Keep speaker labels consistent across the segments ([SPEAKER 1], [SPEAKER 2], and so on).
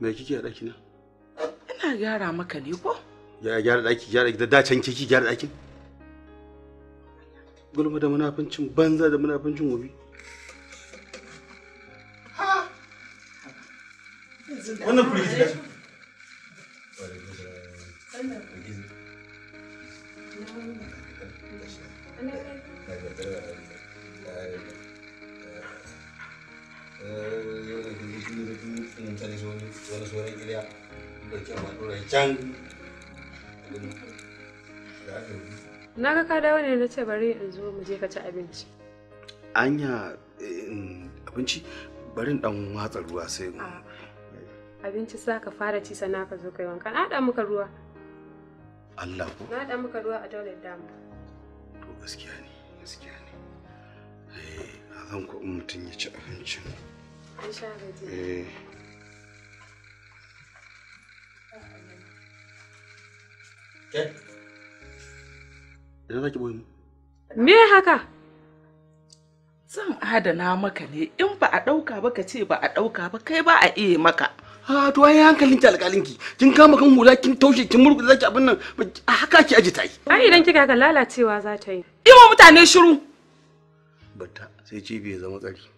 [SPEAKER 1] Me kike a ɗakina?
[SPEAKER 2] Ina gyara maka ne ko?
[SPEAKER 1] Ya gyara ɗaki, gyara gida, da can kiki gyara ɗakin? Gulma da munafincin banza da munafincin wobi. Wannan firiji in
[SPEAKER 3] na ga ka dawo ne na ce bari in zo mu je ka ci abinci
[SPEAKER 1] anya eh, abinci bari dan watsa ruwa sai
[SPEAKER 3] abinci za ka fara ci sana ka zo kai wanka na haɗa muka ruwa Allah ko na ruwa a toilet dama to gaskiya ne gaskiya
[SPEAKER 1] ne eh zan ko in mutum ya ci abincin
[SPEAKER 3] Eh.
[SPEAKER 1] Ina ki Me haka?
[SPEAKER 2] Zan adana maka ne in ba a ɗauka ba ka ce ba a ɗauka
[SPEAKER 1] ba kai ba a iya maka. Ha to ai hankalin ki alƙalin ki kin kama kan hula kin taushe kin murku zaki abin nan a haka ki aji ta yi.
[SPEAKER 3] Ai idan kika ga lalacewa za ta yi. Ima mutane shiru.
[SPEAKER 1] Bata sai cibi zama tsari.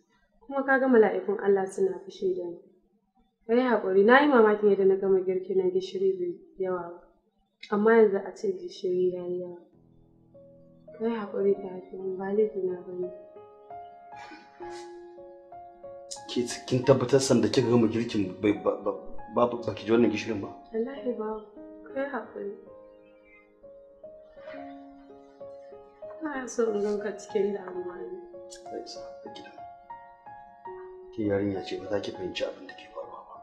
[SPEAKER 3] kuma ka ga mala'ikun Allah suna fushi da ni. Ka yi haƙuri, na yi mamakin yadda na gama girki na gishiri bai yawa ba, amma yanzu a ce gishiri ya yi yawa. Ka yi haƙuri ta yin ba na ba ne.
[SPEAKER 1] Kin tabbatar sanda kika gama girkin ba ba ki ji wannan gishirin ba?
[SPEAKER 3] Wallahi ba, kai haƙuri. Ina so in ganka cikin damuwa ne. Zai sa, gida.
[SPEAKER 1] ke yarinya ce ba za ki fahimci abin da ke faruwa ba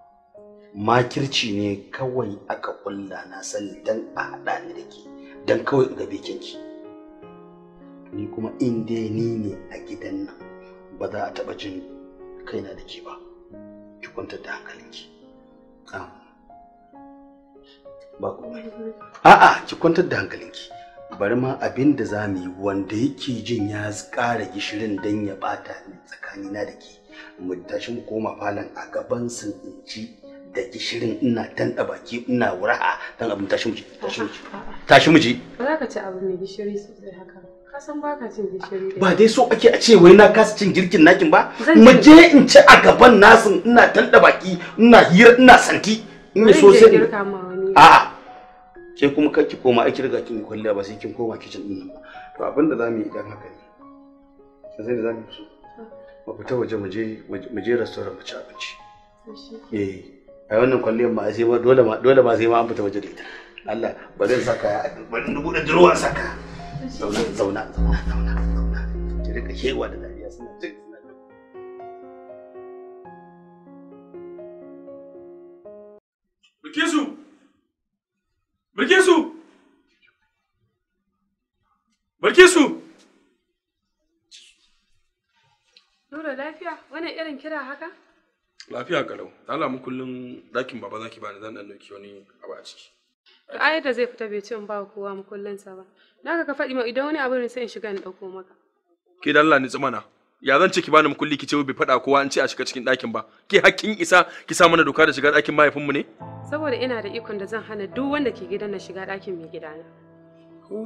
[SPEAKER 1] makirci ne kawai aka kulla na sani dan a haɗa ni da ke dan kawai in gabe ki ni kuma in dai ni ne a gidan nan ba za a taɓa jin kaina da ke ba ki kwantar da hankalinki ba komai a'a ki kwantar da hankalinki bari ma abin da za mu yi wanda yake jin ya ƙara gishirin dan ya bata ni tsakanina da ke mu tashi mu koma falon a gaban su in ci da gishirin ina tanda baki ina wuraha dan abin tashi mu ji tashi mu ji tashi mu ji
[SPEAKER 3] ba za ka ci abu mai gishiri sosai haka ka san ba ka cin gishiri
[SPEAKER 1] ba dai so ake a ce wai na kasa cin girkin nakin ba mu je in ci a gaban nasu ina tanda baki ina hira ina santi in so sai a ke kuma kake koma aiki riga kin kwalliya ba sai kin koma kicin din nan ba to abin da zamu yi idan haka ne sai da zamu yi mu fita waje mu je mu je restaurant mu ci abinci eh ai wannan kwalliyar ma sai dole ma dole ma sai ma an fita waje da ita Allah ba zan saka ya ba zan dubu da ruwa saka zauna zauna zauna zauna ki rika kewa da dariya suna jin Bilkisu! Bilkisu! Bilkisu!
[SPEAKER 3] Bello lafiya? wani irin kira haka?
[SPEAKER 4] Lafiya garau. Allah mu kullun ɗakin baba zaki bani zan dan dauki wani abu a ciki.
[SPEAKER 3] To ai da zai fita bai ce in ba kowa mu kullun sa ba. Na ka faɗi ma idan wani abu ne sai in shiga in ɗauko maka.
[SPEAKER 4] Ke da Allah ni tsimana. Ya zan ce ki bani mukulli ki ce bai faɗa kowa an ce a shiga cikin ɗakin ba. Ke hakkin isa ki sa mana doka da shiga ɗakin mahaifinmu ne?
[SPEAKER 3] Saboda ina da ikon da zan hana duk wanda ke gidan na shiga ɗakin mai gidana.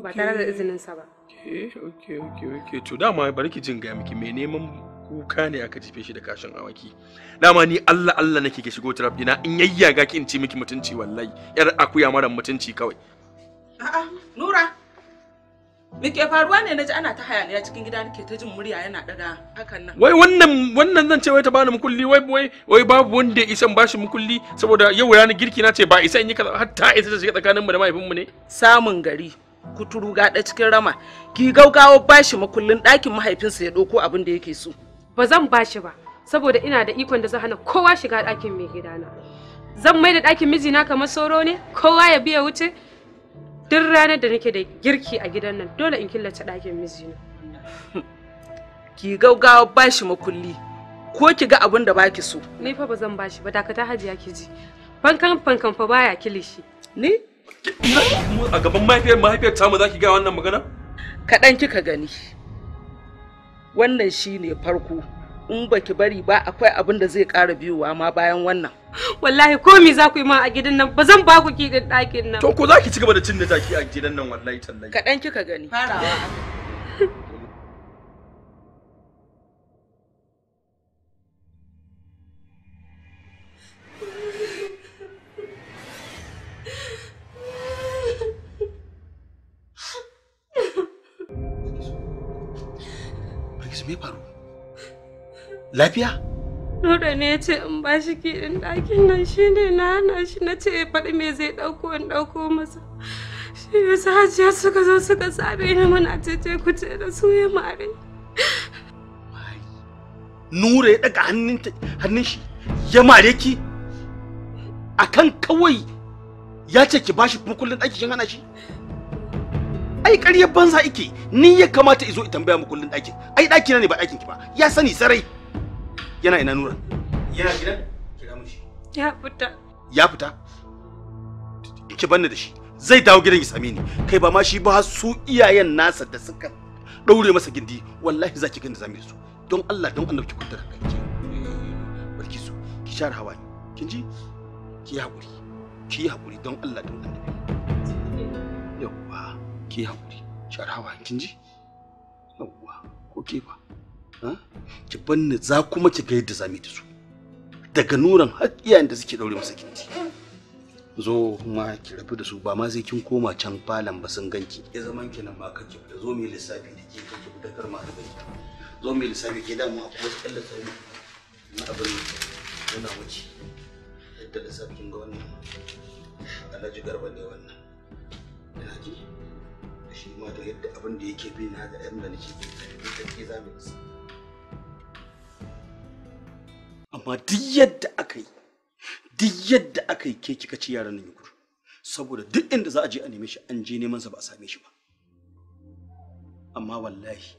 [SPEAKER 3] Ba tare da izinin sa ba.
[SPEAKER 4] Okay, okay, okay, okay. To dama bari ki jin gaya miki me neman kuka ne aka jefe shi da kashin awaki dama ni Allah Allah nake ke shigo trap dina in yayyaga ki in ci miki mutunci wallahi yar akuya mara mutunci kawai
[SPEAKER 2] a'a nura me ke faruwa ne naji ana ta hayaniya cikin gida nake ta jin murya yana daga hakan nan wai
[SPEAKER 4] wannan wannan zan ce wai ta bani mukulli wai wai wai babu wanda isa isa bashi mukulli saboda yau ranar girki na ce ba isa in yi kaza har ta isa ta shiga tsakanin mu da mahaifin mu ne samun gari
[SPEAKER 2] kuturu gada cikin rama ki gaugawa bashi makullin ɗakin mahaifinsa ya ɗauko abin da yake so
[SPEAKER 3] ba zan bashi ba saboda ina da ikon da zan hana kowa shiga ɗakin mai gidana zan mai da ɗakin mijina kamar sauro ne kowa ya biya wuce duk ranar da nake da girki a gidan nan dole in killace ɗakin mijina
[SPEAKER 2] ki gaugawa bashi makulli ko ki ga abin da baki so
[SPEAKER 3] ni fa ba zan bashi ba dakata hajiya ki ji fankan fankan fa baya kilishi ni
[SPEAKER 4] a gaban mahaifiyar mahaifiyar tamu zaki ga wannan magana
[SPEAKER 2] kaɗan kika gani wannan shi ne farko in baki bari ba akwai abin da zai kara biyowa ma bayan wannan
[SPEAKER 3] wallahi komi za ku yi ma a gidan nan ba zan ba ku din ɗakin nan to ko za
[SPEAKER 4] ki ci gaba da cin da taki a gidan nan wallahi tallahi
[SPEAKER 3] kaɗan kika gani farawa
[SPEAKER 1] su bai faru? Lafiya?
[SPEAKER 3] Nura ne ya ce in ba shi kiɗin ɗakin nan shi ne na hana shi na ce ya faɗi me zai ɗauko in ɗauko masa. Shi ne sa hajiya suka zo suka sabe ni muna ku ce da su ya mare.
[SPEAKER 1] Nura ya ɗaga hannun shi ya mare ki a kan kawai ya ce ki bashi kuma kullum ɗaki kin hana shi. ai ƙarya banza ike ni ya kamata izo tambaya mu kullun ɗakin ai na ne ba ɗakin ki ba ya sani sarai yana ina nura
[SPEAKER 3] yana gidan kira mu shi ya fita
[SPEAKER 1] ya fita ki banni da shi zai dawo gidan ya same ni kai ba ma shi ba su iyayen nasa da suka ɗaure masa gindi wallahi za ki gani zame su don Allah don annabi ki kuntar kanki barki su ki share hawa kin ji ki hakuri ki hakuri don Allah don annabi ki haƙuri sharawa kin ji yawwa ko ke ba ki banni za kuma ki ga yadda zamu yi da su daga nuran har iyayen da suke daure masa kinti zo ma ki rabu da su ba ma sai kin koma can falon ba sun ganki ya zaman ki nan ba kake ki zo mai lissafi da ke kake kar ma da ki zo mai lissafi ke da mu kuma wasu kallon sauri na abin yana wuce yadda lissafin ga wannan alhaji garba ne wannan yana ji shi ma da yadda abin da yake bi na da yadda nake bi da ke za mu amma duk yadda aka yi duk yadda aka yi ke kika ci yaran nan ya saboda duk inda za a je a neme shi an je neman sa ba a same shi ba amma wallahi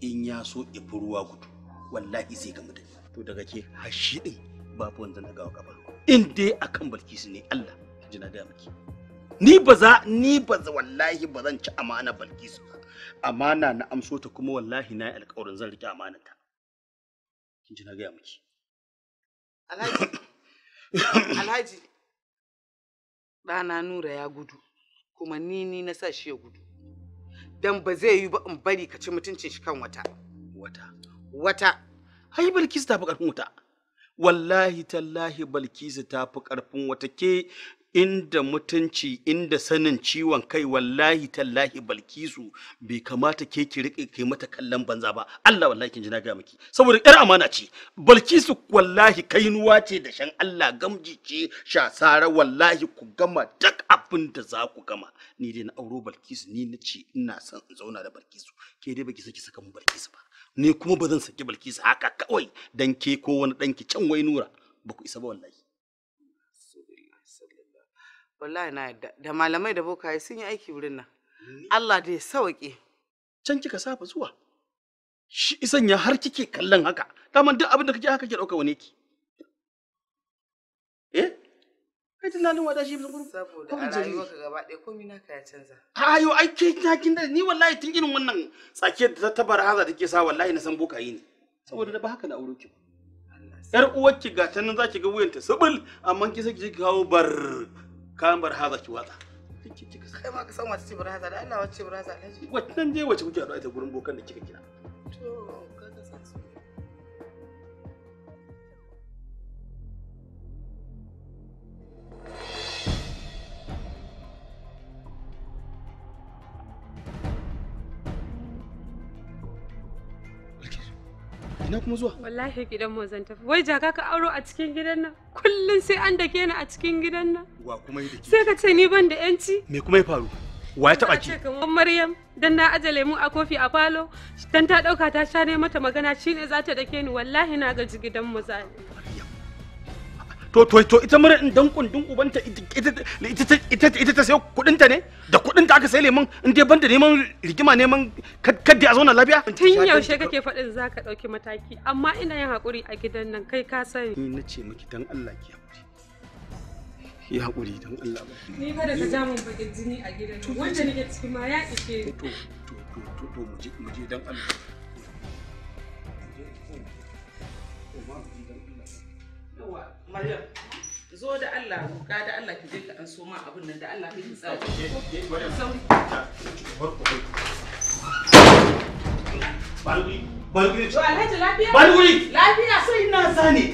[SPEAKER 1] in ya so ifi ruwa gudu wallahi zai ga mutum to daga ke hashi din babu wanda na gawa gaba in dai akan balkisu ne Allah jina na da miki ni ba za ni ba za wallahi ba zan ci amana Balkisu ba amana na amso ta kuma wallahi na yi alƙawarin zan rike amanar ta kin ji na ga miki Alhaji
[SPEAKER 2] Alhaji ɗana Nura ya gudu kuma ni ni na sa shi ya gudu
[SPEAKER 1] dan ba zai yi ba in bari ka ci mutuncin shi kan wata wata wata ai Balkisu ta fi ƙarfin wata. wallahi tallahi Balkisu ta fi ƙarfin wata ke inda mutunci inda sanin ciwon kai wallahi tallahi balkisu bai kamata ke ki rike kai mata kallon banza ba Allah wallahi kin ji ga miki saboda yar amana ce balkisu wallahi kainuwa ce da shan Allah gamji ce shasara wallahi ku gama duk abin da za ku gama ni dai na auro balkisu ni na ce ina son in zauna da balkisu ke dai baki saki saka mu balkisu ba ni kuma ba zan saki balkisu haka kawai dan ke ko wani ki can wai nura ba ku isa ba wallahi
[SPEAKER 2] wallahi na yadda da malamai da bokaye sun yi aiki wurin nan Allah
[SPEAKER 1] da ya sauke can kika safa zuwa shi isan ya har kike kallon haka daman duk abin da kake haka ke dauka wane ki eh
[SPEAKER 2] kai tunanin wada shi bisan gurin saboda a rayuwarka gaba ɗaya komai na ka ya canza
[SPEAKER 1] a yo ai ke kin da ni wallahi tun irin wannan tsakiyar da ta bar haza take sa wallahi na san bokaye ne saboda da ba haka na auro ki yar uwarki ga ta nan zaki ga wuyanta subul amma ki saki ki kawo bar kayan haza ki watsa
[SPEAKER 2] kai ma ka san wace ce bar haza da Allah wace ce barhaza alhaji
[SPEAKER 1] wannan je wace kuke haɗu a gurin bokan da kika kira
[SPEAKER 3] ina kuma zuwa wallahi gidan mu zan tafi wai jaka ka auro a cikin gidan nan kullun sai an dake ni a cikin gidan nan wa kuma yake sai ka ce ni ban da yanci
[SPEAKER 1] me kuma ya faru wa ya taba ki
[SPEAKER 3] kamar maryam dan na aje lemu a kofi a falo dan ta dauka ta sha ne mata magana shine za ta dake ni wallahi na gaji gidan mu zan
[SPEAKER 1] to to to ita murin dan kundin ubanta ita ita ita ita ta sayo kudin ta ne da kudin ta aka sayi lemon in dai banda neman rigima neman kaddi a zauna lafiya tun yaushe
[SPEAKER 3] kake faɗin zaka dauki mataki amma ina yin hakuri a gidan nan kai ka sani
[SPEAKER 1] ni nace miki dan Allah ki hakuri yi hakuri dan Allah ni fa da ta ja mun
[SPEAKER 3] bakin jini a gidan wanda nake cikin ma ya ishe
[SPEAKER 1] to to to to mu je mu je dan Allah
[SPEAKER 2] yawa maryam zo da Allah roƙa da Allah ki je ka an so ma abin nan da Allah kai ki tsaya
[SPEAKER 1] balguri balguri to alhaji lafiya balguri lafiya sai ina zane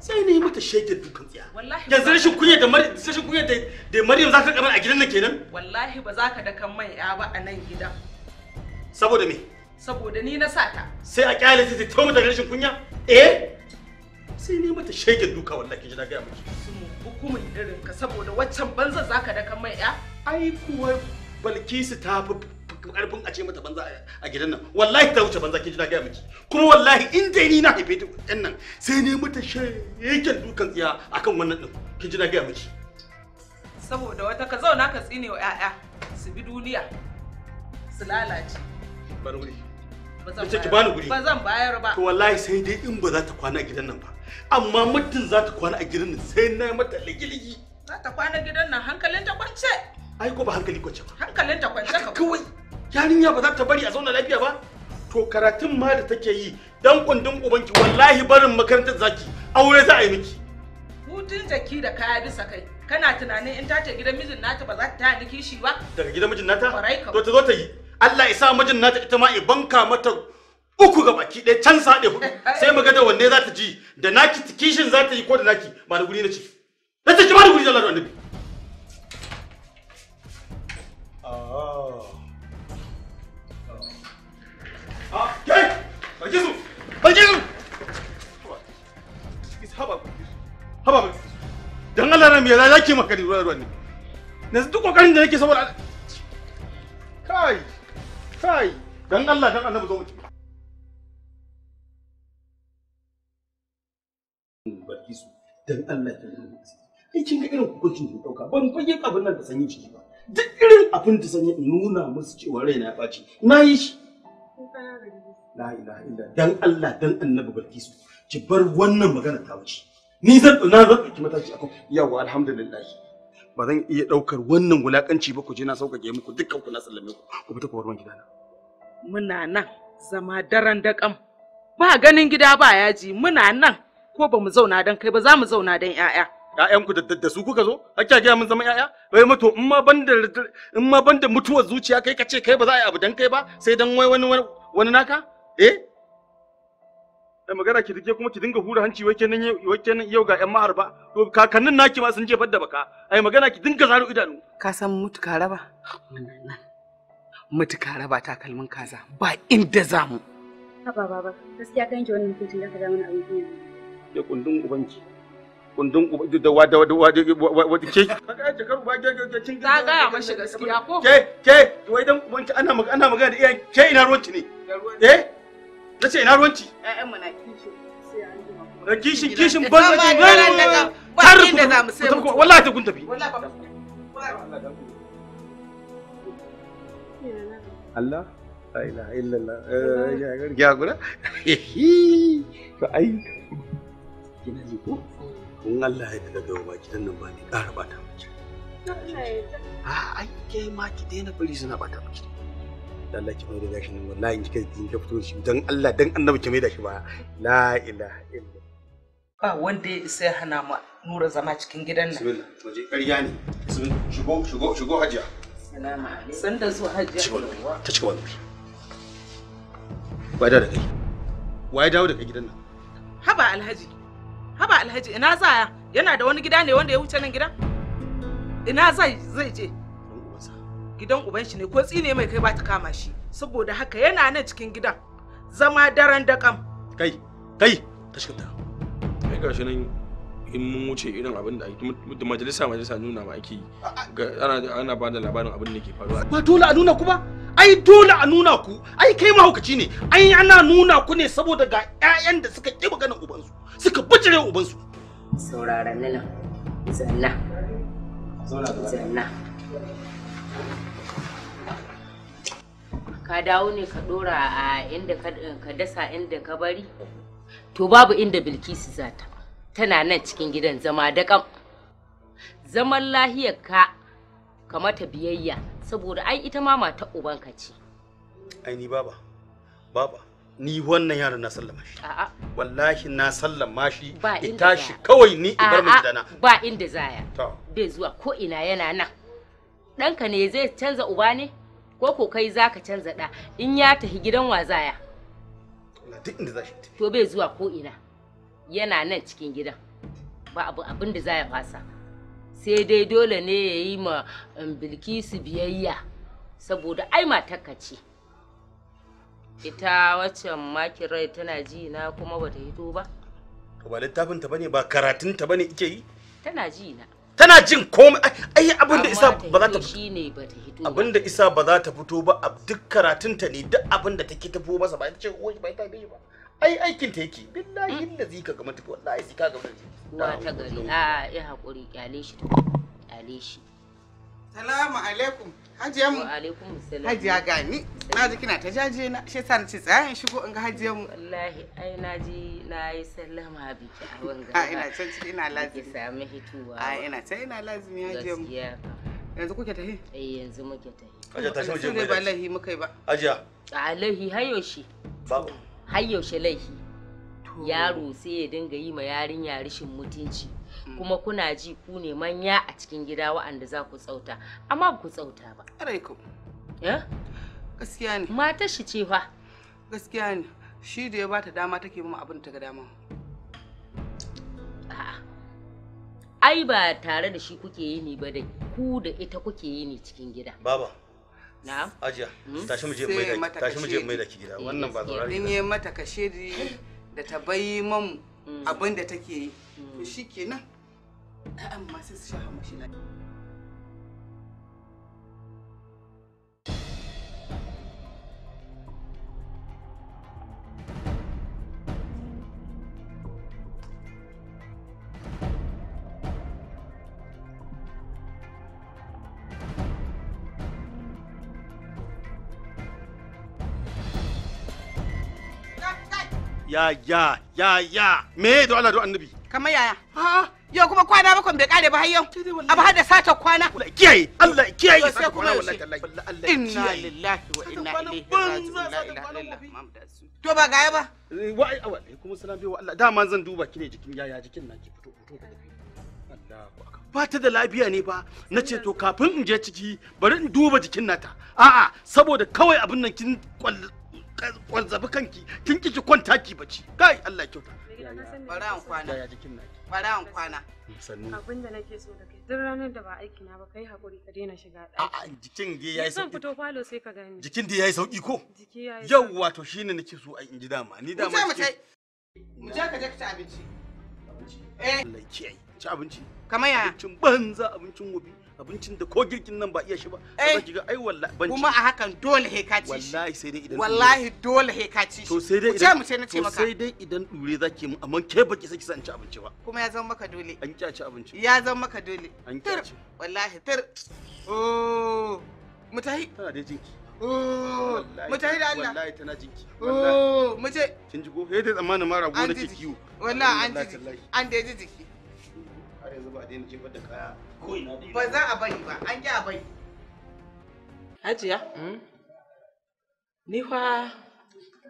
[SPEAKER 1] sai ne mata shege dukan tsiya yanzu rashin kunya da maryam rashin kunya da da maryam za ta a gidan nan kenan
[SPEAKER 2] wallahi ba za ka da kan mai ya ba a nan
[SPEAKER 1] gidan saboda me
[SPEAKER 2] saboda ni na sa ta.
[SPEAKER 1] sai a kyale ta ta tauma da rashin kunya eh sai ne mata shege duka wallahi ji na ga miki hukumin irin ka saboda waccan banza zaka da kan mai ya ai kuwa Balkisu ta fi karfin a ce mata banza a gidan nan wallahi ta wuce banza kin ji na ga miki kuma wallahi in dai ni na haife ta ɗan nan sai ne mata shegen dukan tsiya akan wannan din kin ji na ga miki
[SPEAKER 2] saboda wata ka zauna ka tsine wa 'ya'ya su bi duniya su lalace bari wuri ba zan bayar ba to wallahi sai
[SPEAKER 1] dai in ba za ta kwana gidan nan ba amma muddin za ta kwana a gidan nan sai na mata ligiligi
[SPEAKER 2] za ta kwana gidan nan hankalin ta kwance
[SPEAKER 1] ai ko ba hankali kwance ba
[SPEAKER 2] hankalin ta kwance ka
[SPEAKER 1] kawai yarinya ba za ta bari a zauna lafiya ba to karatun ma da take yi dan kundin ubanki wallahi barin makarantar zaki aure za a yi miki
[SPEAKER 2] hutun jaki da kaya bisa kai kana tunanin in ta ce gidan mijin nata ba za ta taya ni kishi ba
[SPEAKER 1] daga gidan mijin nata to ta zo ta yi Allah ya sa mijin nata ita ma ibanka mata uku ga baki ɗaya can saɗe hudu eh, eh. sai mu ga da wanne za ta ji da naki kishin za ta yi ko da naki ba da guri na ce da ta ki ba da guri da Allah annabi Ah, ah kai! Barki su! Barki su! Haba, haba, don Allah ran me za ki maka ruwan ruwan ne. Na duk kokarin da nake saboda Kai! Kai! Dan Allah dan Allah zo mu Barkisu dan Allah ki rubuta Kai kin ga irin hukuncin da dauka ban fage abin nan da sanyin ciki ba. Duk irin abin da sanyi nuna musu cewa raina ya ɓaci na yi shi. La ilaha illa dan Allah dan Annabi Barkisu ki bar wannan magana ta wuce. Ni zan na zan ɗauki mataki akan yawa alhamdulillah. Ba zan iya ɗaukar wannan wulakanci ba ku je na sauƙaƙe muku dukkan ku na sallame ku ku fita ku bar gidana.
[SPEAKER 2] Muna nan zama daren da kam ba ganin gida ba yaji muna nan ko ba mu zauna dan kai ba za mu zauna dan ƴaƴa
[SPEAKER 1] ƴaƴanku da da su kuka zo hakka ga mun zama ƴaƴa wai mato in ma banda in ma banda mutuwar zuciya kai kace kai ba za a yi abu dan kai ba sai dan wai wani wani naka eh da magana ki dinga kuma ki dinga hura hanci wai kenan wai kenan yau ga ƴan maharba to kakannin naki ma sun je fadda baka ai magana ki dinga zaro idanu
[SPEAKER 2] ka san mutu ka raba
[SPEAKER 1] mutu ka raba takalmin kaza ba inda zamu
[SPEAKER 3] ba ba gaskiya kan ki wannan mutuncin da ka ga mana abin
[SPEAKER 1] ya kundin ubanci kundin da wa da wada da wa ke kaga ce karu ba ke cin ta ga mashi gaskiya ko ke ke wai dan ubanki ana magana ana magana da iyayen ke ina ruwanki ne eh nace ina ruwanki
[SPEAKER 2] ƴaƴan mu na kishin
[SPEAKER 1] sai kishin kishin ban sai ban tar ku da zamu sai wallahi
[SPEAKER 2] ta kun tafi wallahi ba
[SPEAKER 1] Allah la ilaha illallah ya gura to ai gidan ko hmm. in Allah ya daga gaba ba gidan nan ba ne ƙara bata miki a ai kai ma ki daina bari suna bata miki Allah ki mai da shi nan wallahi in kika in ka fito shi dan Allah dan annabi ki mai da shi ba la ilaha illa
[SPEAKER 2] ba wanda ya ya hana ma nura zama cikin gidan nan
[SPEAKER 1] bismillah ƙarya ne shigo shigo shigo hajiya
[SPEAKER 2] zuwa hajiya
[SPEAKER 1] ta wai dawo da kai wai dawo da kai gidan nan
[SPEAKER 2] haba alhaji haba alhaji ina zaya yana da wani gida ne wanda ya wuce nan gidan? ina zai zai je gidan uban shi ne ko tsine mai kai ba ta kama shi saboda haka yana nan cikin gidan zama daren da kam
[SPEAKER 4] kai kai ka shiga ta kai gashi nan in mun wuce irin abin da da majalisa
[SPEAKER 1] majalisa nuna ma ake ana ana ba da labarin abin da ke faruwa ba dole a nuna ku ba ai dole a nuna ku ai kai mahaukaci ne ai ana nuna ku ne saboda ga ƴaƴan da suka
[SPEAKER 5] ƙi maganar ubansu suka bijire ubansu saurara nan zanna zanna ka dawo ne ka dora a inda ka dasa inda ka bari to babu inda bilkisu za ta tana nan cikin gidan zama da kam zaman lahiyar ka ka mata biyayya saboda ai ita ma mata ubanka ce
[SPEAKER 1] ai ni baba baba ni wannan yaron na sallama shi a'a wallahi na sallama shi ita shi kawai ni ibar mu na.
[SPEAKER 5] ba inda zaya bai zuwa ko ina yana nan ka ne zai canza uba ne ko ko kai zaka canza ɗa in ya tafi gidan wa zaya duk inda to bai zuwa ko ina yana nan cikin gidan ba abu abin da za ya fasa sai dai dole ne ya yi ma um, bilkisu biyayya saboda ai matarka ce ita waccan makirai tana ji na kuma bata hito ba
[SPEAKER 1] ba littafin ta bane ba karatun ta bane ike yi
[SPEAKER 5] tana ji na tana
[SPEAKER 1] jin komai ai abin da isa ba za ta shine hito abin da isa ba za ta fito ba duk karatun ta ne duk abin da take tafo masa ba ita ce ba ita ba ai aikin ta yake
[SPEAKER 5] billahi mm. zai ka ga mutu wallahi sai ka ga mutu wa ta gari a ya hakuri kyale shi kyale shi salamu
[SPEAKER 2] alaikum hajiya mu
[SPEAKER 5] alaikum salam hajiya
[SPEAKER 2] gani na ji kina ta jaje na shi yasa ce tsaya in shigo in ga hajiya mu
[SPEAKER 5] wallahi ai na ji na yi sallama biki a wanga a ina can ciki ina lazimi ki sami hituwa a ina can ina lazimi hajiya mu yanzu kuke tafi? eh yanzu muke tafi. ajiya ta shi mu ba lahi muka ba ajiya alahi hayo shi babu har yaushe laifi yaro sai ya dinga yi ma yarinya rashin mutunci mm. kuma kuna ji ku ne manya a cikin gida wa'anda za ku tsauta amma ba ku tsauta ba alaikum eh gaskiya ne mata shi ce fa gaskiya ne shi da ya bata dama take mun abin ta ga dama ai ba tare da shi kuke yi ni ba dai ku da ita kuke yi ni cikin gida
[SPEAKER 1] baba na'am ajiya hmm? tashi mu da tashi wannan hmm. ba yi
[SPEAKER 5] mata kashedi da ta
[SPEAKER 2] bayi mamu hmm. abin da take yi to
[SPEAKER 1] ya ya ya ya me da Allah don annabi
[SPEAKER 2] kamar yaya ha yau kuma kwana bakon bai kare ba har yau abu har da sata kwana
[SPEAKER 1] kiyaye Allah kiyaye sai kuma wallahi inna lillahi wa inna ilaihi raji'un to ba gaya ba eh, wa eh, kuma salam bai wa Allah dama zan duba kine jikin yaya jikin ki fito fito Allahu akbar ba ta da lafiya ne ba na ce to kafin in je ciki bari in duba jikin nata a'a saboda kawai abin nan kin kwanzabi kanki kin ki kwanta ki bace kai Allah ya kyauta
[SPEAKER 3] bara an kwana bara an kwana sannu abinda nake so da kai duk ranar da ba aiki na ba kai hakuri ka daina shiga ɗaki
[SPEAKER 1] a'a jikin dai yayi sauki fito
[SPEAKER 3] falo sai ka gani jikin
[SPEAKER 1] dai yayi sauki ko jiki yayi yawa to shine nake so a inji dama ni dama mu je mu je ka je ka ci abinci eh Allah kiyaye ci abinci kamar ya abincin banza abincin gobe abincin da ko girkin nan ba iya shi ba eh, ki ga ai wallahi banci kuma a hakan dole he ka ci wallahi sai dai idan wallahi dole he ka ci to sai dai idan mu ce na ce maka sai dai idan dure zaki mu amma ke baki saki san ci abinci ba kuma ya zama maka dole an ki ci abinci ya zama maka dole an ki ci wallahi tir oh mutahi tana dai jinki
[SPEAKER 2] oh.
[SPEAKER 1] mutahi da Allah wallahi tana jinki oh, wallahi mace kin ji jigo he dai zamanin mara gona ke kiwo wallahi an ji
[SPEAKER 2] an da ji jiki
[SPEAKER 1] har yanzu ba daina jefar da
[SPEAKER 2] kaya ko ina da ba za a bari ba an ƙi a bari hajiya hmm? ni fa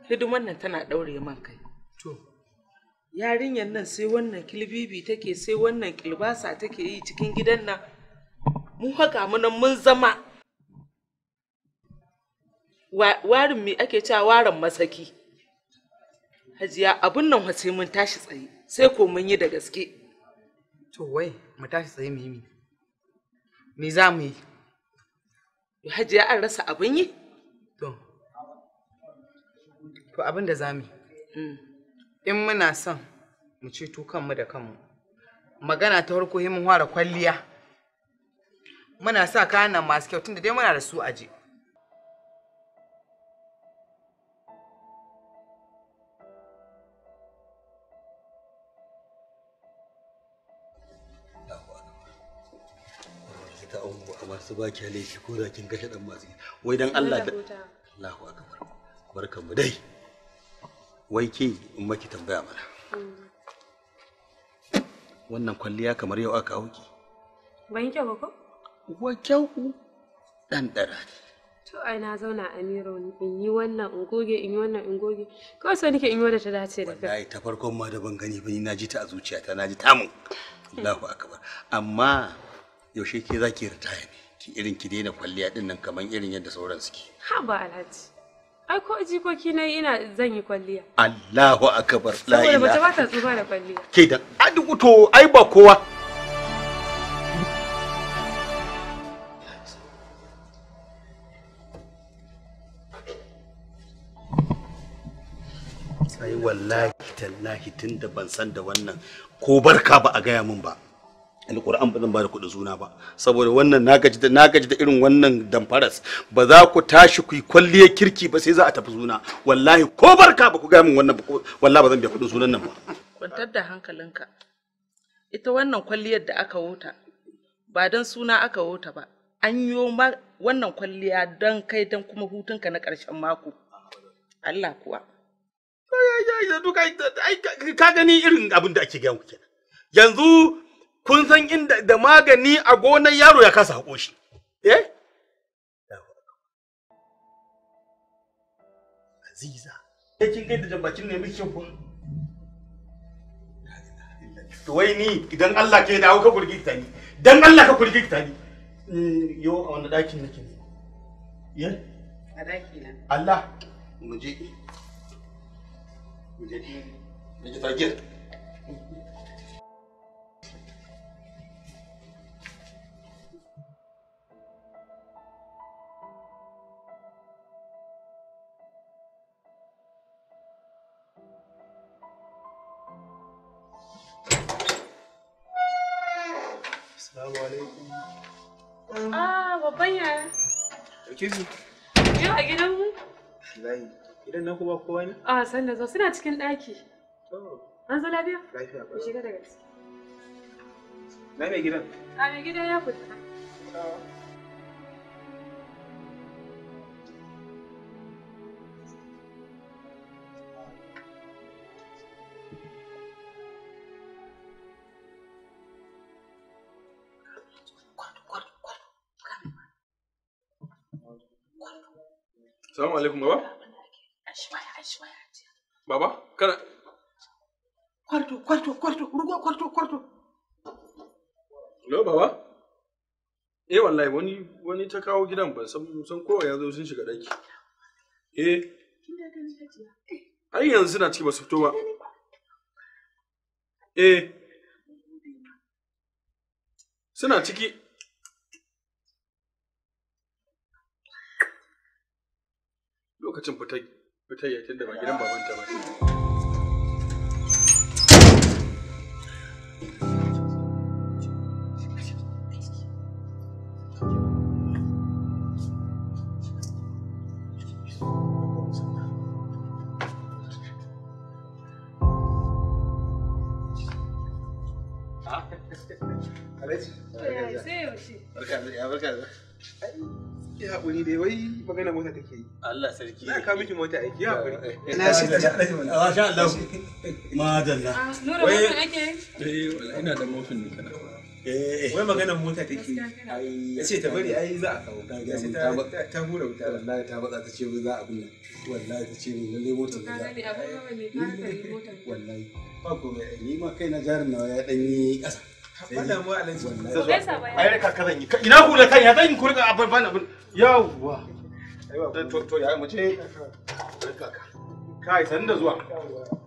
[SPEAKER 2] hidimar nan tana daure man kai to yarinyar nan sai wannan kilbibi take sai wannan kilbasa take yi cikin gidan nan mun haka munan mun zama warin me ake cewa warin masaki hajiya abun nan sai mun tashi tsaye sai ko mun yi da gaske To wai mu tashi tsaye mu yi me za mu yi? ya an rasa abin yi? To, to abin da za mu yi. Mm. In muna son mu ceto kanmu da kanmu. Magana ta farko mun hwara kwalliya. Muna sa kayan nan masu kyau tunda dai muna da su aje.
[SPEAKER 1] masu ba ki laifi ko da kin kashe dan masu wai dan Allah da Allahu akbar barkan mu dai wai ke in maki tambaya mana mm. wannan kwalliya kamar yau aka hau ki
[SPEAKER 3] ban kyau ba ko wa kyau ku dan dara to ai na zauna a miro in yi wannan in goge in yi wannan in goge kawai so nake in yi wadda ta dace da kai wallahi ta
[SPEAKER 1] farkon ma da ban gani ba ni na ji ta a zuciyata na ji tamun Allahu akbar amma yaushe ke zaki ritaya ne ki irin ki daina kwalliya din nan kamar irin yadda sauran suke
[SPEAKER 3] ha ba alhaji ai ko jikoki na ina zan yi kwalliya
[SPEAKER 1] Allahu akbar la ilaha saboda ba
[SPEAKER 3] ta tsufa da kwalliya
[SPEAKER 1] ke da aduto ai ba kowa sai wallahi tallahi tunda ban san da wannan ko barka ba a gaya min ba alƙur'an ba zan ba da kuɗi suna ba saboda wannan na gaji da na gaji da irin wannan damfaras ba za ku tashi ku yi kwalliya kirki ba sai za a tafi suna wallahi ko barka ba ku gaya min wannan ba wallahi ba zan biya kuɗin sunan nan ba
[SPEAKER 2] kwantar da hankalinka ita wannan kwalliyar da aka wuta ba dan suna aka wuta ba an yi wannan kwalliya don kai don kuma hutunka na ƙarshen mako Allah kuwa
[SPEAKER 1] ka gani irin abin da ake gaya muku kenan yanzu kun san inda da magani a gonar yaro ya kasa haƙo shi eh aziza ke kin gaida da bakin ne muke ku to wai ni idan Allah ke dawo ka ta ni dan Allah ka ta ni mm, yo a wani ɗakin nake ne ye eh? a ɗaki na Allah mu je mu je mu je ta
[SPEAKER 3] gida.
[SPEAKER 2] Idan na kuma kowa ne?
[SPEAKER 3] A ah, san da zo suna cikin ɗaki. An zo lafiya?
[SPEAKER 1] Lafiya ba. Shiga daga ciki. Na mai gidan?
[SPEAKER 3] A mai gidan ya fita.
[SPEAKER 4] Salamu alaikum baba. Baba, kana...
[SPEAKER 2] Kwarto, kwarto, kwarto, rugo kwarto, kwarto.
[SPEAKER 4] Yo, baba? Eh, wallahi wani wani ta kawo gidan ban san san kowa ya zo sun shiga daki. Eh. Ai yanzu na ciki ba su fito ba. Eh. Suna ciki. Lokacin fitai. Wata yi tunda ba gidan babanta ba.
[SPEAKER 1] haƙuri dai wai magana mota take yi. Allah sarki. Na kawo miki mota aiki ya haƙuri. Ina eh, shi ta sha Allah. Sha Allah. Madalla.
[SPEAKER 5] Ah, Nura mota ake.
[SPEAKER 1] Eh ina da mofin ne kana. Eh. Wai maganar mota take yi. Ya ce ta bari ai za a kawo. Ya ce ta hura wuta. Wallahi ta batsa ta ce za a Wallahi ta ce da. Ka gane
[SPEAKER 3] abin hawa ne ka hankali eh, motar.
[SPEAKER 1] Wallahi. Ba ni ma kai na jarin nawa ya ɗan yi ƙasa. ka Ina hula kan ya zan yi abin abin. yawwa to to ya mu ce kai da zuwa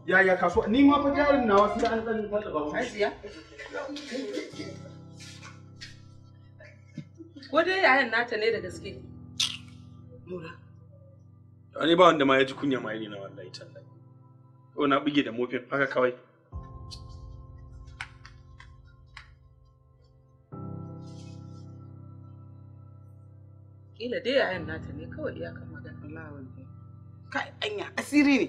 [SPEAKER 1] Yaya ya ni ma fa jarin nawa sai an dan tallaba mu ai siya
[SPEAKER 2] ko dai yayan nata ne da gaske
[SPEAKER 3] nura
[SPEAKER 4] ani ba wanda ma ya ji kunya ma ni na wallahi tallahi ko na bige da mofin haka kawai
[SPEAKER 2] kila dai yayan nata ne kawai iyakan magana Allah wanda kai anya asiri ne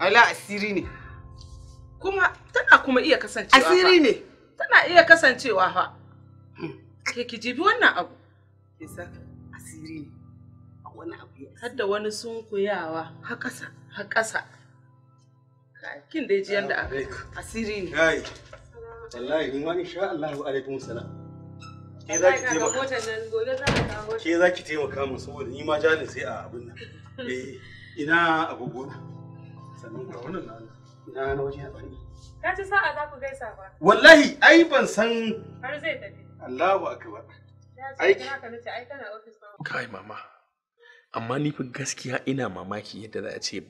[SPEAKER 2] ala asiri ne kuma tana kuma iya kasancewa asiri ne tana iya kasancewa fa hmm. ke ki jibi wannan abu sa asiri ne wani abu ya har da wani sunkuyawa har ƙasa har kasa kin dai ji yanda
[SPEAKER 1] asiri ne kai wallahi in ma insha Allah wa alaikum salam ke za ki taimaka ke za ki taimaka min saboda ni ma jani sai a abin nan eh ina agogo sannan ga wannan na ina na waje a bani
[SPEAKER 3] ka ci sa'a za ku gaisa ba
[SPEAKER 1] wallahi ai ban san
[SPEAKER 3] har zai tafi
[SPEAKER 1] Allahu akbar ai kai mama
[SPEAKER 4] amma ni fi gaskiya ina mamaki yadda za a ce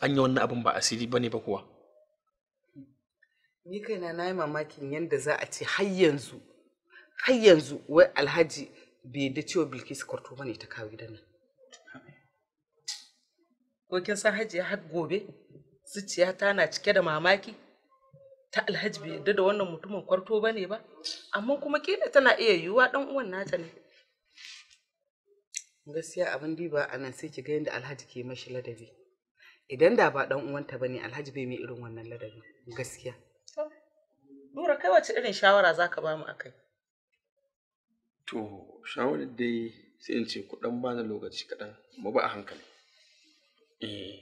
[SPEAKER 4] an yi wannan abin ba asiri bane ba kuwa
[SPEAKER 2] ni kaina na yi mamakin yadda za a ce har yanzu har yanzu wai alhaji bai da cewa bilkisu kwarto bane ta kawo gidan nan ko kin san hajiya har gobe zuciya ta na cike da mamaki ta alhaji bai yarda da wannan mutumin kwarto bane ba amma kuma kila tana iya yiwuwa dan uwan nata ne gaskiya abin diba a nan sai ki ga yadda alhaji ke mashi ladabi idan da ba dan uwanta bane alhaji bai mai irin
[SPEAKER 4] wannan ladabi gaskiya
[SPEAKER 2] Nura kai wace irin shawara zaka ba mu akai
[SPEAKER 4] To shawarar dai sai in ce ku ɗan bani lokaci kaɗan mu bi a hankali.
[SPEAKER 3] Eh.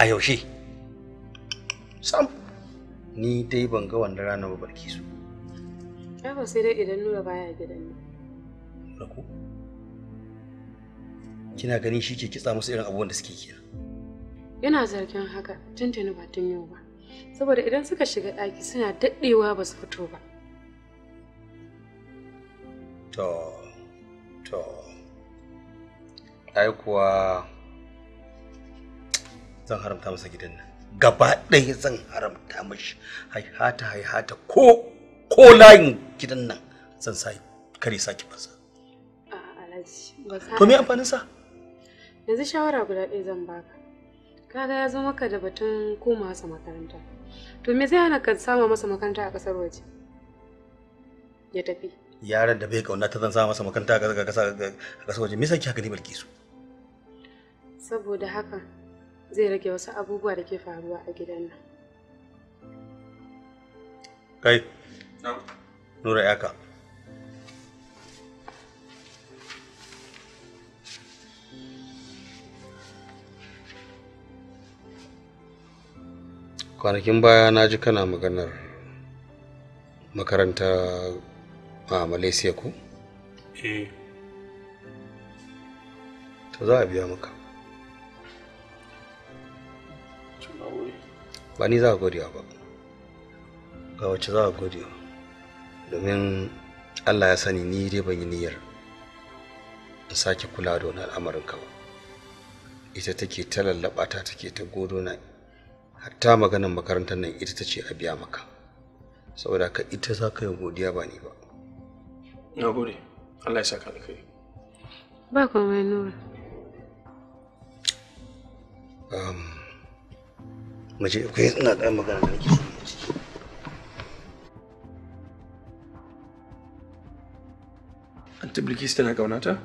[SPEAKER 3] A yaushe? Sam,
[SPEAKER 1] ni dai ban ga wannan ranar ba barki su.
[SPEAKER 3] sai dai idan nura baya gidan nan.
[SPEAKER 1] kina ganin shi ke kitsa musu irin abubuwan da suke kira
[SPEAKER 3] yana zargin haka tuntuni ba tun yau ba saboda idan suka shiga ɗaki suna daɗewa ba su fito ba
[SPEAKER 1] to to ai kuwa zan haramta masa gidan nan gaba ɗaya zan haramta mashi haihata haihata ko ko layin gidan nan zan sa kare sake fasa To me amfanin sa?
[SPEAKER 3] Yanzu shawara guda ɗaya zan baka. Kaga ya zo maka da batun koma sa makaranta. To me zai hana ka sama masa makaranta a ƙasar waje? Ya tafi.
[SPEAKER 1] Yaran da bai kauna ta zan sama masa makaranta a ƙasar waje. Me yasa ki haka ne su?
[SPEAKER 3] Saboda haka zai rage wasu abubuwa da ke faruwa a gidan nan.
[SPEAKER 1] Kai. Nura yaka. kwanakin baya na ji kana maganar makaranta a malaysia ko? eh ta za a biya maka ba ni za a godiya ba ga wacce za a godiya domin allah ya sani ni dai ban yi niyyar in sake kula da wani al'amarin ka ba ita take ta lallaba ta take ta godo hatta maganar makarantar nan ita ta ce a biya maka saboda ka ita za ka yi godiya ba ni ba na gode allah ya saka alkhairi
[SPEAKER 3] ba mai nura
[SPEAKER 1] um, ku yi ina da magana da nake so
[SPEAKER 4] Bilkisu tana kaunata?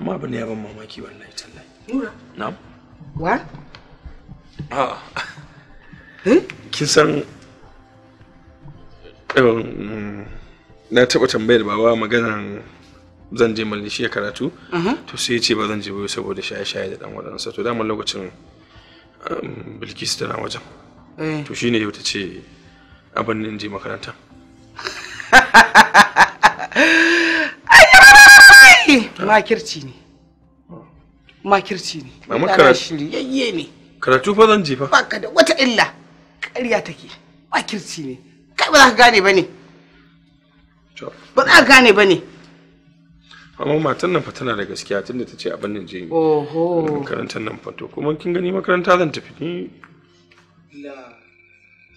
[SPEAKER 4] Amma abin ya ban mamaki wallahi tallahi. Nura. Na'am. Wa? Eh? kin san um, na taɓa tambayar baba maganar zan je malaysia karatu uh-huh. to sai ya ce ba zan je ba saboda shaye-shaye da dan wadansa to damar lokacin um, bilkis tana wajen eh. to shi ne ta ce abin nan je makaranta
[SPEAKER 2] makirci ne ah. makirci ne mama karatu shiryayye ne
[SPEAKER 4] Karatu fa zan jefa. Ba
[SPEAKER 2] ka da wata illa. Ƙarya take. Ba kirci ne. Kai ba za ka gane ba ne. Ba za ka gane
[SPEAKER 4] ba ne. Amma matan nan fa tana da gaskiya tunda ta ce abin nan je ni. Oho. Makarantar nan fa to kuma kin gani makaranta zan tafi ni.
[SPEAKER 1] La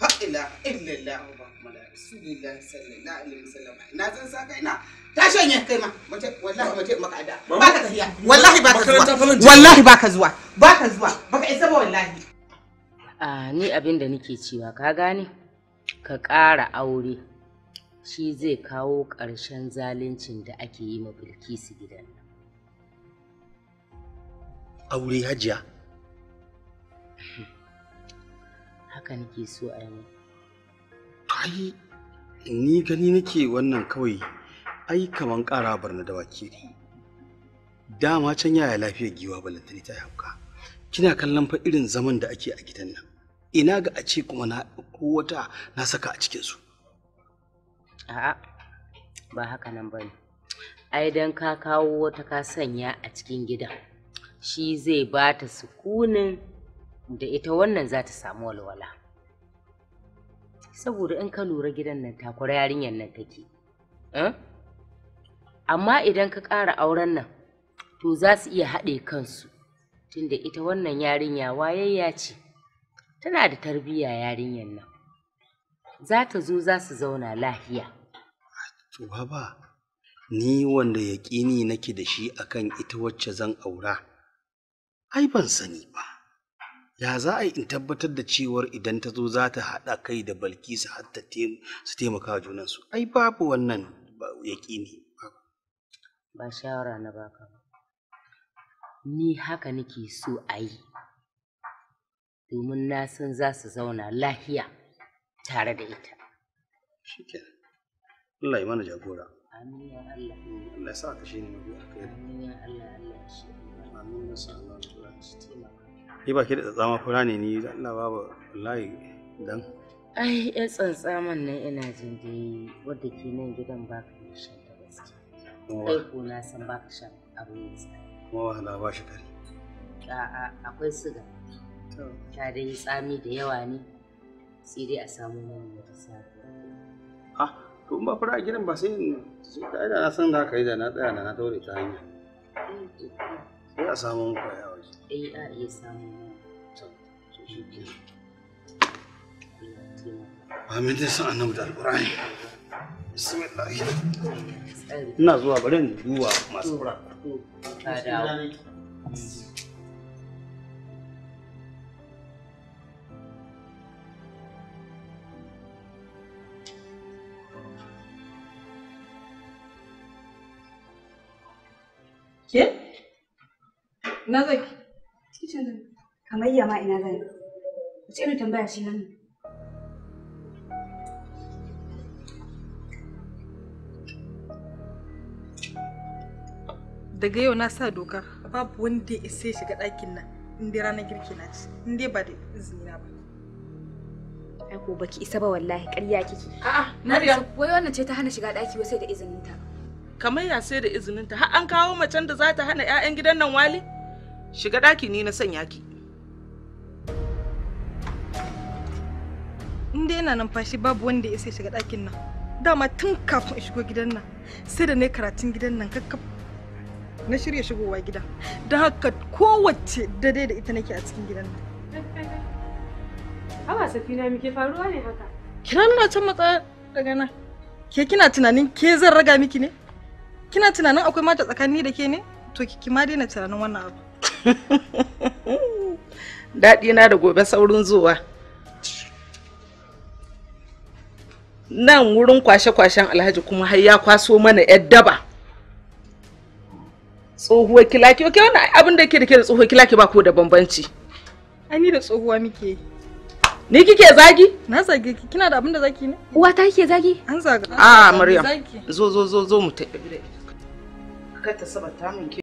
[SPEAKER 2] ha ila illa Allah wa Muhammadu Rasulullah sallallahu alaihi wasallam. Na san sa kai na ta shanye kai ma. Wallahi mace maka da. Ba ka tafiya. Wallahi ba ka zuwa. Wallahi ba ka zuwa. ba zuwa baka isa ba wallahi
[SPEAKER 5] a ni abin da nake cewa ka gane ka ƙara aure shi zai kawo ƙarshen zaluncin da ake yi ma bilkisu gidan nan
[SPEAKER 1] aure hajiya haka nake so a yi ai ni gani nake wannan kawai ai kaman ƙara barna da wakili dama can yaya lafiyar giwa balantane ta hauka kina kallon fa irin zaman da ake a gidan nan ina ga a ce kuma na ko wata na saka a cikin su
[SPEAKER 5] a'a ba haka nan bane ai dan ka kawo wata ka sanya a cikin gidan shi zai ba ta sukunin da ita wannan za ta samu walwala saboda in ka lura gidan nan takura yarinyar nan take eh? amma idan ka ƙara auren nan to za su iya haɗe kansu tunda ita wannan yarinya wayayya ce tana da tarbiyya yarinyar nan za ta zo za su zauna lahiya to baba
[SPEAKER 1] ni wanda yaƙini nake da shi akan ita wacce zan aura ai ban sani ba ya za a yi in tabbatar da cewar idan ta zo za ta haɗa kai da balkisu har ta su taimaka junansu ai babu wannan yaƙini
[SPEAKER 5] ba shawara na baka ba ni haka nake so a yi domin na san za su zauna lahiya tare da ita shikenan Allah ya mana jagora amin ya Allah Allah ya sa ka shine mafi alkhairi amin ya Allah Allah ya shi amin ya sa Allah ya shi
[SPEAKER 1] ni ba ke da tsatsama fura ne ni Allah babu wallahi
[SPEAKER 5] dan ai yan tsantsaman nan ina jin dai wadda ke nan gidan ba ka shan da gaske kai ko na san ba ka shan abu mai kuma na ba shi kari a'a akwai siga ta da yi tsami da yawa ne sai dai a samu nan wata sabuwa
[SPEAKER 1] ha ah, to in ba fara gidan ba sai da ina na san da haka yi da na tsaya na na daure ta hanya eh, sai a samu kwaya
[SPEAKER 5] waje eh a yi samu to shi ke
[SPEAKER 1] ba da san annabi da alƙur'ani ina zuwa bari in duba masu fura
[SPEAKER 3] Ke? Ina zai. kamar yi ma yamma ina zan. Wace irin tambaya ce nan? daga yau na sa doka babu
[SPEAKER 2] wanda ya isa shiga ɗakin nan in dai ranar girki na ci in dai ba da izini na ba ai ko baki isa ba
[SPEAKER 1] wallahi ƙarya
[SPEAKER 2] kike
[SPEAKER 5] a'a Maryam wai wannan ce ta hana shiga ɗaki wai sai da izinin ta
[SPEAKER 2] kamar ya sai da izinin ta har an kawo macen da za ta hana ƴaƴan gidan nan wali shiga ɗaki ni na sanya ki in dai yana numfashi babu wanda ya sai shiga ɗakin nan dama tun kafin in shigo gidan nan sai da na karatun gidan nan kakkaf na shirya shigowa gida da haka kowace dai da ita nake a cikin gidan
[SPEAKER 3] nan haba safina muke faruwa ne haka kina nuna can matsa daga nan ke kina tunanin ke zan raga miki ne kina tunanin akwai mata tsakani da ke ne to ki ma daina tunanin wannan
[SPEAKER 2] abu daɗi na da gobe saurin zuwa nan wurin kwashe-kwashen alhaji kuma har ya kwaso mana 'yar daba tsohuwar kilaki ok wani abin da ke da ke da tsohuwar kilaki ba ko da bambanci
[SPEAKER 3] Ni da tsohuwa muke
[SPEAKER 5] ni kike zagi
[SPEAKER 2] na zage ki kina da abin da zaki ne uwa ta kike zagi an zaga a ah, maryam zo zo zo zo mu tafi da ita ka ta saba ta min